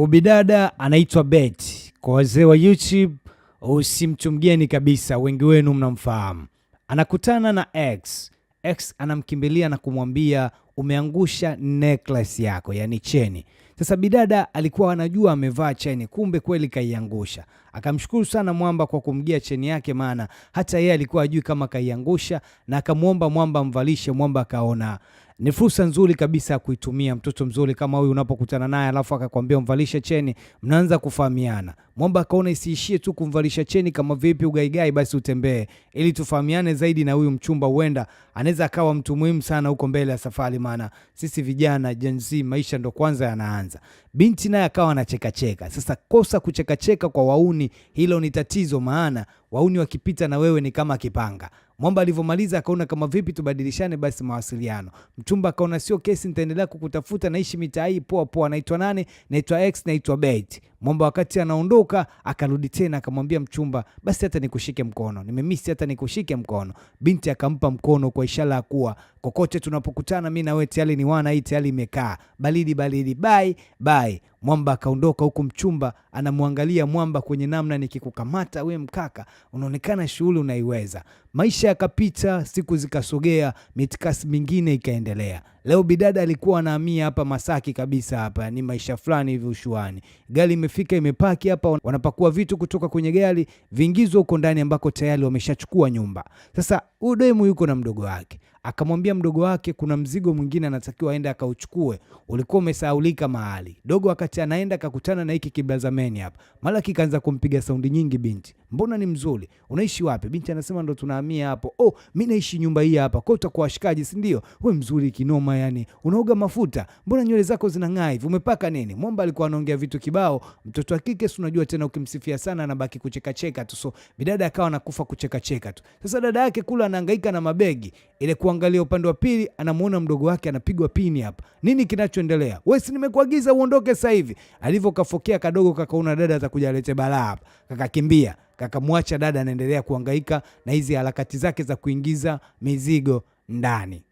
Ubidada anaitwa bet Kwa wazee wa YouTube usimtu mgeni kabisa, wengi wenu mnamfahamu. Anakutana na X. X anamkimbilia na kumwambia umeangusha necklace yako, yani cheni. Sasa bidada alikuwa anajua amevaa cheni, kumbe kweli kaiangusha. Akamshukuru sana mwamba kwa kumgia cheni yake, maana hata yeye alikuwa ajui kama kaiangusha, na akamwomba mwamba amvalishe. Mwamba akaona ni fursa nzuri kabisa ya kuitumia. Mtoto mzuri kama huyu unapokutana naye alafu akakwambia umvalishe cheni, mnaanza kufahamiana. Mwamba akaona isiishie tu kumvalisha cheni, kama vipi ugaigai, basi utembee ili tufahamiane zaidi, na huyu mchumba huenda anaweza akawa mtu muhimu sana huko mbele ya safari maana sisi vijana jenzi maisha ndo kwanza yanaanza. Binti naye akawa anachekacheka. Sasa kosa kuchekacheka kwa Wauni, hilo ni tatizo, maana Wauni wakipita na wewe ni kama kipanga. Mwamba alivyomaliza akaona kama vipi tubadilishane basi mawasiliano. Mchumba akaona sio kesi, nitaendelea kukutafuta, naishi mitaa hii poa poa, naitwa nane, naitwa X, naitwa Beti. Mwamba wakati anaondoka akarudi tena akamwambia mchumba, basi hata nikushike mkono, nimemisi hata nikushike mkono. Binti akampa mkono kwa ishara ya kuwa kokote tunapokutana mi na wewe tayari ni wana, hii tayari imekaa baridi baridi, bye bye. Mwamba akaondoka huku mchumba anamwangalia mwamba kwenye namna, nikikukamata we mkaka, unaonekana shughuli unaiweza. Maisha yakapita, siku zikasogea, mitikasi mingine ikaendelea. Leo bidada alikuwa anahamia hapa Masaki kabisa, hapa ni maisha fulani hivi ushuani. Gari imefika imepaki hapa, wanapakua vitu kutoka kwenye gari, viingizwa huko ndani ambako tayari wameshachukua nyumba. Sasa huyu demu yuko na mdogo wake, akamwambia mdogo wake kuna mzigo mwingine anatakiwa aende akauchukue, ulikuwa umesahaulika mahali. Dogo akati anaenda akakutana na hiki kiblazameni hapa. Malaki kaanza kumpiga saundi nyingi, binti, mbona ni mzuri, unaishi wapi? Binti anasema ndo tunahamia hapo. Oh, mi naishi nyumba hii hapa, kwa utakuwa washikaji, si ndio? We mzuri kinoma, yani unaoga mafuta, mbona nywele zako zinang'aa hivi, umepaka nini? Mwamba alikuwa anaongea vitu kibao. Mtoto wa kike si unajua tena, ukimsifia sana anabaki kuchekacheka tu, so bidada akawa anakufa kuchekacheka tu. Sasa dada yake kula anahangaika na mabegi ile kuangalia upande wa pili, anamuona mdogo wake anapigwa pini hapa. Nini kinachoendelea? Wewe si nimekuagiza uondoke sasa hivi. Alivyokafokea kadogo, kakaona dada atakuja alete balaa hapa, kakakimbia kakamwacha dada anaendelea kuangaika na hizi harakati zake za kuingiza mizigo ndani.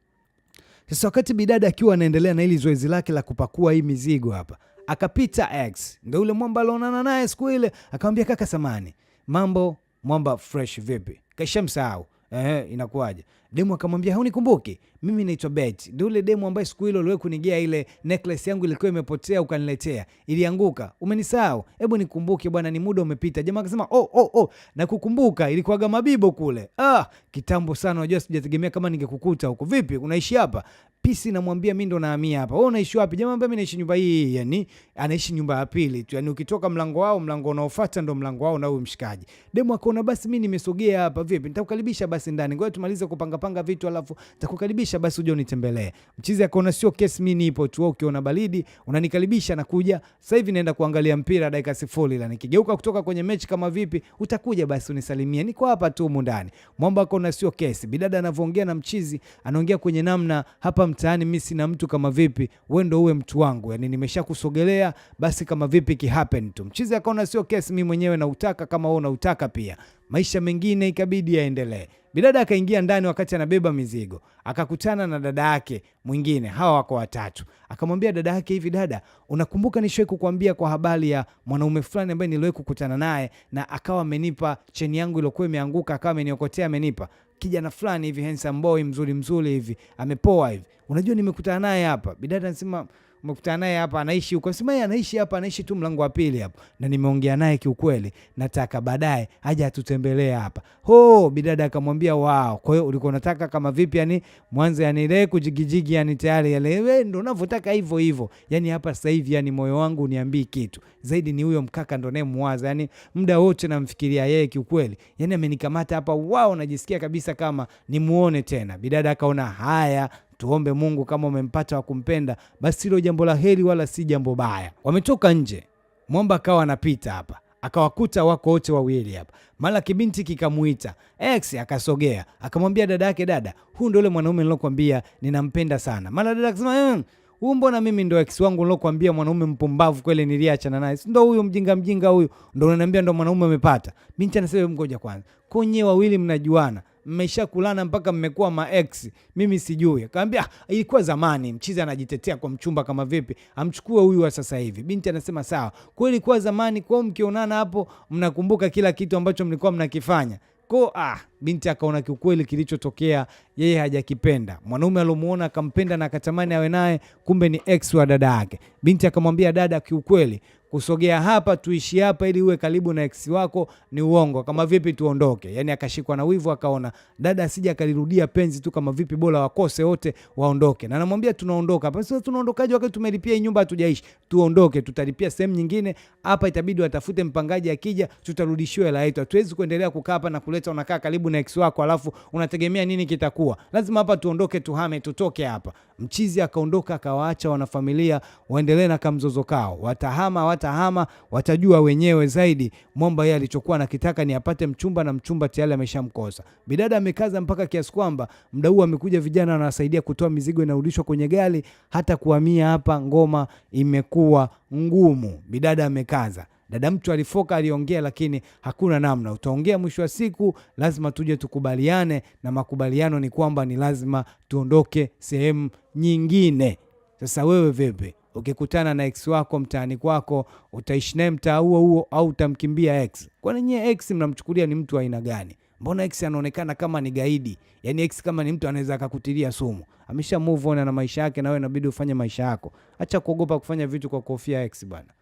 Sasa wakati bidada akiwa anaendelea na hili zoezi lake la kupakua hii mizigo hapa, akapita X, ndio yule mwamba alionana naye siku ile, akamwambia kaka, samani mambo, mwamba fresh vipi? Kaisha msahau eh, inakuwaje? Demu akamwambia haunikumbuki, mimi naitwa Bet. Ndio ule demu ambaye siku hilo uliwahi kunigea ile necklace yangu ilikuwa imepotea ukaniletea, ilianguka. Umenisahau? Hebu nikumbuke bwana, ni muda umepita. Jamaa akasema oh, oh, oh, nakukumbuka, ilikuwaga Mabibo kule. Ah, kitambo sana, unajua sijategemea kama ningekukuta huko. Vipi, unaishi hapa? Pisi namwambia mimi ndo naamia hapa. Wewe unaishi wapi? Jamaa ambaye mimi naishi nyumba hii, yani anaishi nyumba ya pili tu. Yani ukitoka mlango wao, mlango unaofuata ndo mlango wao na huyu mshikaji. Demu akaona basi mimi nimesogea hapa. Vipi, nitakukaribisha basi ndani. Ngoja tumalize kupanga napanga vitu alafu nitakukaribisha basi uje unitembelee. Mchizi akaona sio kesi, mimi nipo tu, ukiona baridi unanikaribisha na kuja. Sasa hivi naenda kuangalia mpira dakika sifuri, la nikigeuka kutoka kwenye mechi kama vipi utakuja basi unisalimie, niko hapa tu humu ndani. Mwamba akaona sio kesi. Bidada anavyoongea na Mchizi anaongea kwenye namna hapa mtaani, mimi sina mtu kama vipi, wewe ndio uwe mtu wangu, yani nimeshakusogelea basi kama vipi ki happen tu. Mchizi akaona sio kesi, mimi mwenyewe nautaka kama wewe unautaka pia. Maisha mengine ikabidi yaendelee. Bidada akaingia ndani wakati anabeba mizigo, akakutana na dada yake mwingine, hawa wako watatu. Akamwambia dada yake, hivi dada, unakumbuka nishawahi kukuambia kwa habari ya mwanaume fulani ambaye niliwahi kukutana naye na akawa amenipa cheni yangu iliyokuwa imeanguka, akawa ameniokotea, amenipa kijana fulani hivi handsome boy mzuri mzuri hivi, amepoa hivi, unajua nimekutana naye hapa. Bidada anasema Mkutana naye hapa anaishi huko. Sema yeye anaishi hapa, anaishi tu mlango wa pili hapo Na nimeongea naye kiukweli, nataka baadaye aje atutembelee hapa. Ho, bidada akamwambia wao. Kwa hiyo ulikuwa unataka kama vipi yani mwanzo yani ile kujigijigi yani tayari yale wewe ndio unavyotaka hivyo hivyo. Yani hapa sasa hivi yani moyo wangu uniambii kitu. Zaidi ni huyo mkaka ndo naye muwaza. Yani muda wote namfikiria yeye kiukweli. Yani amenikamata hapa wao, najisikia kabisa kama nimuone tena. Bidada akaona haya Tuombe Mungu, kama umempata wa kumpenda, basi hilo jambo la heri wala si jambo baya. Wametoka nje, mwamba akawa anapita hapa akawakuta wako wote wawili hapa. Mara kibinti kikamuita ex, akasogea akamwambia dada yake, dada, huu ndio yule mwanaume nilokuambia ninampenda sana. Mara dada akasema eh, huu mbona mimi ndo ex wangu nilokuambia, mwanaume mpumbavu kweli, niliachana naye, si ndo huyu mjinga mjinga huyu, ndo unaniambia ndo mwanaume amepata. Binti anasema ngoja kwanza, konye wawili mnajuana mmeshakulana mpaka mmekuwa max mimi sijui. Akamwambia ah, ilikuwa zamani. Mchizi anajitetea kwa mchumba, kama vipi amchukue huyu wa sasa hivi. Binti anasema sawa, kwa ilikuwa zamani kwao, mkionana hapo mnakumbuka kila kitu ambacho mlikuwa mnakifanya kwao. Ah, binti akaona kiukweli kilichotokea yeye hajakipenda. Mwanaume aliomuona akampenda na akatamani awe naye, kumbe ni ex wa dada yake. Binti akamwambia dada, kiukweli kusogea hapa tuishi hapa ili uwe karibu na ex wako ni uongo. Kama vipi tuondoke? Yani akashikwa na wivu, akaona dada asije akalirudia penzi tu, kama vipi bora wakose wote waondoke. Na anamwambia tunaondoka hapa. Sasa tunaondokaje wakati tumelipia hii nyumba hatujaishi? Tuondoke, tutalipia sehemu nyingine. Hapa itabidi watafute mpangaji, akija tutarudishiwa hela yetu. Hatuwezi kuendelea kukaa hapa na kuleta unakaa karibu na na ex wako, alafu unategemea nini kitakuwa? Lazima hapa tuondoke, tuhame, tutoke hapa. Mchizi akaondoka akawaacha wanafamilia waendelee na kamzozo kao, watahama watahama, watajua wenyewe zaidi. Mwamba yeye alichokuwa anakitaka ni apate mchumba na mchumba tayari ameshamkosa. Bidada amekaza mpaka kiasi kwamba mda huu amekuja vijana wanawasaidia kutoa mizigo inarudishwa kwenye gari, hata kuhamia hapa Ngoma imekuwa ngumu. Bidada amekaza Dada mtu alifoka, aliongea, lakini hakuna namna, utaongea mwisho wa siku, lazima tuje tukubaliane, na makubaliano ni kwamba ni lazima tuondoke sehemu nyingine. Sasa wewe vipi? Ukikutana na ex wako mtaani kwako, utaishi naye mtaa huo huo au utamkimbia ex? Kwani nyie ex mnamchukulia ni mtu wa aina gani? Mbona ex anaonekana kama ni gaidi? Yaani ex kama ni mtu anaweza akakutilia sumu. Amesha move on na maisha yake, na wewe inabidi ufanye maisha yako. Acha kuogopa kufanya vitu kwa kuhofia ex bwana.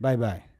Bye bye.